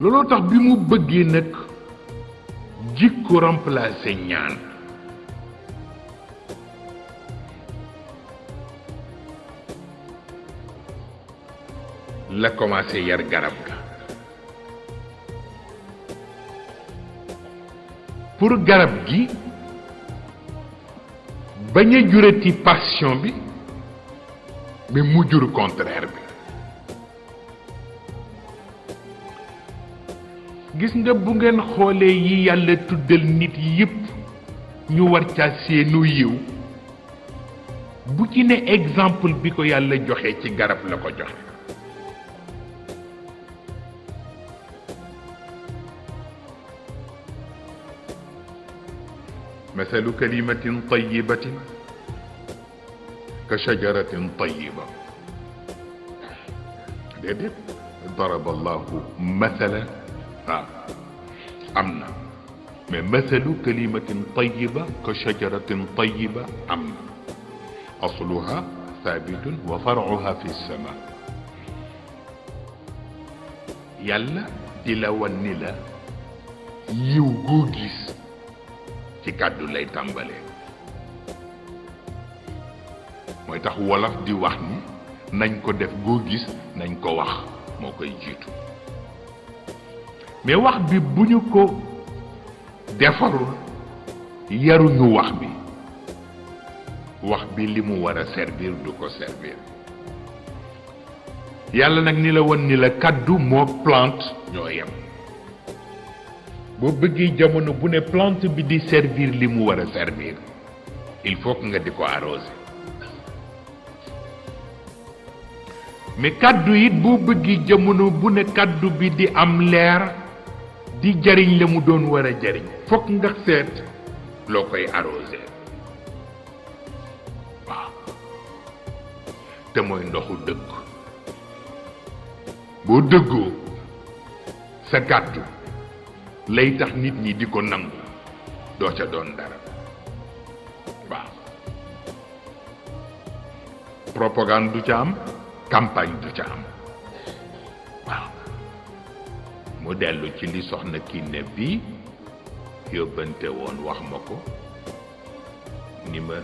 looloo tax bi mu bëggee nak jikko remplacer ñaan la commencé yar garab ga pour garab gi bañ a jurati passion bi mais mu jur contraire bi gis nga bu ngeen xoolee yi yàlla tuddal nit yépp ñu war ca seenu yiw bu ci ne exemple bi ko yàlla joxe ci garab la ko joxe مثل كلمة طيبة كشجرة طيبة ضرب الله مثلا waaw am na mais mathalu kalimatin tayiba ko shajaratin tayiba am na asluha thabitun wa faruha fi sama yàlla di la wan ni la yiw goo ci kàddu lay tàmbalee mooy tax wolof di wax ni nañ ko def goo gis nañ ko wax moo koy jiitu mais wax bi bu ñu ko defarul yaruñu wax bi wax bi li mu war a servir du ko servir yàlla nag ni la won ni la kàddu moo plante ñoo yem boo bëggee jamono bu ne plante bi di servir li mu war a servir il faut nga di ko arrosé mais kàddu it boo bëggee jamono bu ne kàddu bi di am leer di jariñ la mu doon war a jariñ foog nga seet loo koy arrosé waaw te mooy ndoxu dëgg boo dëggoo sa kàddu lay tax nit ñi di ko nangu doo ca doon dara waaw du ca am campagne du ca am mu dellu ci li soxna kinne bii yóbbante woon wax ma ko ni ma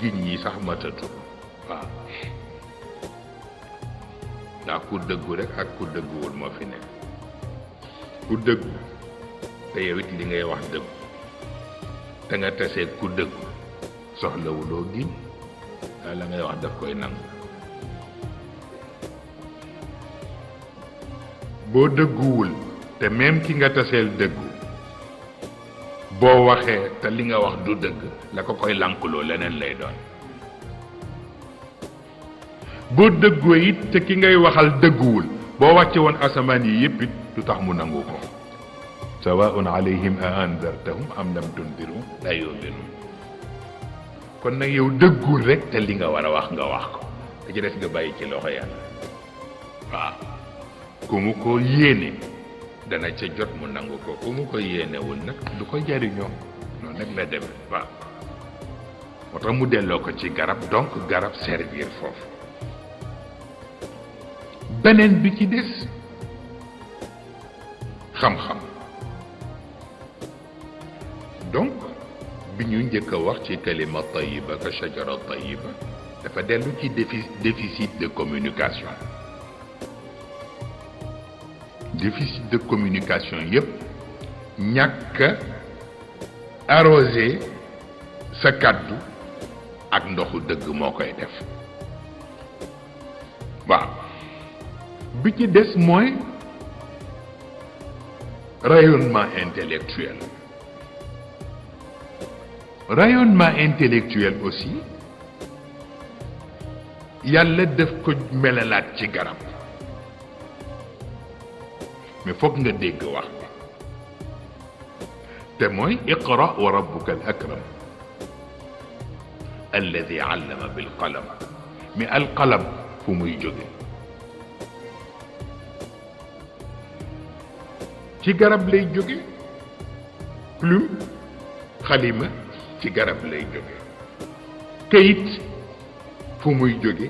giñ ñi sax matatu ndax ku dëggu rekk ak ku dëgguwul moo fi nekk ku dëggu te yow li ngay wax dëggu te nga tasee ku dëggu soxlawuloo giñ daal la ngay wax daf koy nangu boo dëgguwul te même ki nga taseel dëggu boo waxee te li nga wax du dëgg la ko koy lànkuloo leneen lay doon boo dëggoo it te ki ngay waxal dëgguwul boo wàcce woon asamaan yi yëpp it du tax mu nangu ko sawaun alayhim a andartahum am lam tundiru la yuminun kon nag yow dëgguwul rek te li nga war a wax nga wax ko te ci des nga bàyyi ci loxo yàlla waaw ku mu ko yéene dana ca jot mu nangu ko bu ko yéenewul nag du ko jariñoo noonu nag la dem waaw mu delloo ko ci garab donc garab servir foofu beneen bi ci des xam-xam donc bi ñu njëkk a wax ci kalima tayiba ka shajara tayiba dafa dellu ci déficit de communication déficit de communication yep ñàkk arroser sa kàddu ak ndoxu deug mo koy def wa bi ci des mooy rayonnement intellectuel rayonnement intellectuel aussi yalla def ko melalat ci garab mais foog nga dégg wax bi te mooy iqra wa rabbuka al akram alladi allama bilqalam mais alqalam fu muy jóge ci garab lay jóge plume xalima ci garab lay jóge kayit fu muy jóge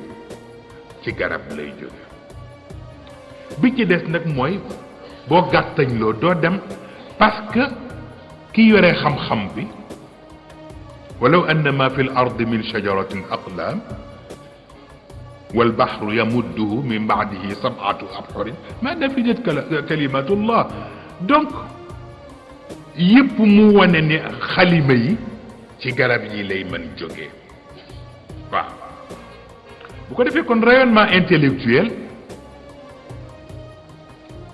ci garab lay jóge bi ci des nag mooy boo gàttañloo doo dem parce que ki yore xam-xam bi walaw anna ma fi l ardi min shajaratin aqlaam والبحر يمده من بعده سبعة أبحر ما نفدت كلمة الله donc yépp mu wane ne xalima yi ci garab yi lay mën jógee waaw bu ko defee kon rayonnement intellectuel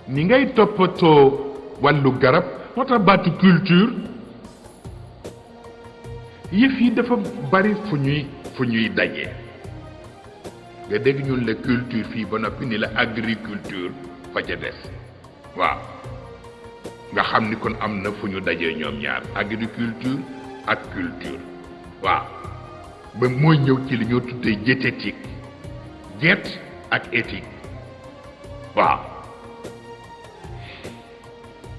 ni ngay toppatoo wàllu garab moo tax baatu culture yëf yi dafa bari fu ñuy fu ñuy dajee nga dégg ñun la culture fii ba noppi ni la agriculture fa ca des waaw nga xam ni kon am na fu ñu dajee ñoom ñaar agriculture ak culture waaw ba mooy ñëw ci li ñoo tuddee diététique diète ak éthique waaw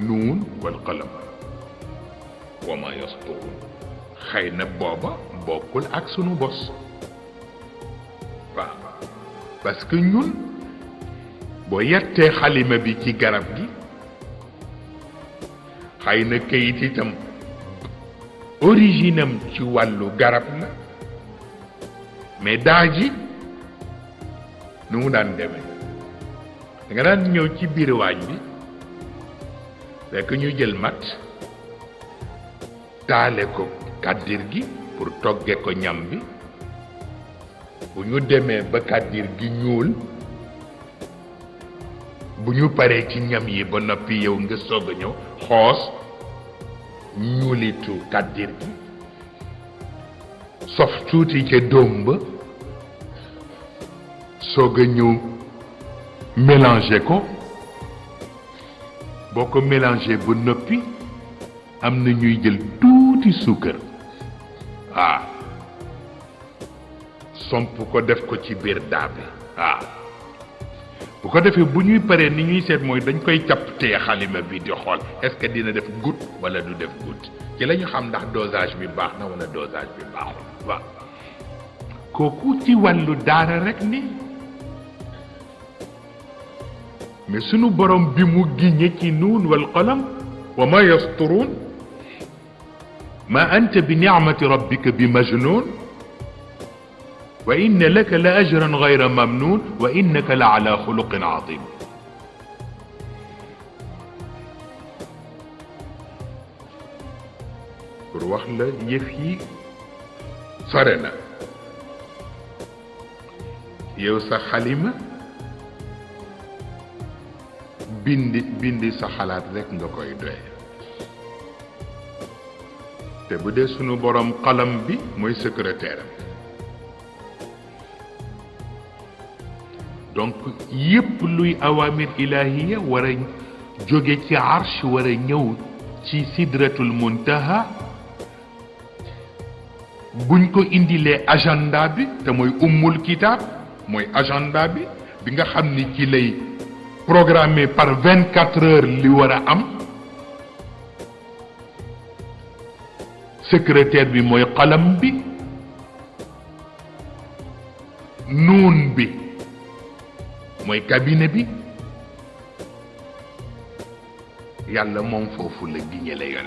نون والقلم وما يصدر خين بابا بوكل اكسون بص با باسكو نون بو يرتي خليما بي تي غراب دي خاينا كيتي تام اوريجينام تي والو غراب لا مي داجي نون دان ديمي da nga daan ñëw ci biir waañ bi fekk ñu jël mat taale ko kàddir gi pour togge ko ñam bi bu ñu demee ba kàddir gi ñuul bu ñu paree ci ñam yi ba noppi yow nga soog a ñëw xoos ñuulitu kàddir gi sof tuuti ca dóom ba soog a mélanger ko boko mélanger bu nopi amna ñuy jël touti sucre ah ko def ko ci bir ah bu ko defé bu ñuy paré ni ñuy sét moy est-ce que dina def goutte wala du def goutte ci xam ndax dosage bi baax na wala dosage bi Wa. ci walu daara rek ni نسنو برام بمجي نيكي نون والقلم وما يسطرون ما أنت بنعمة ربك بمجنون وإن لك لأجرا غير ممنون وإنك لعلى خلق عظيم روح لا يفي سرنا يوسف حليمه bindi bindi sa xalaat rek nga koy doye te bu dee sunu borom xalam bi mooy secrétaire donc yépp luy awamir ilahiya war a jóge ci arsh war a ñëw ci sidratul muntaha buñ ko indilee agenda bi te mooy ummul kitab mooy agenda bi bi nga xam ni ci lay programmé par 24 heures li am secrétaire bi moy les bi bi cabinet bi la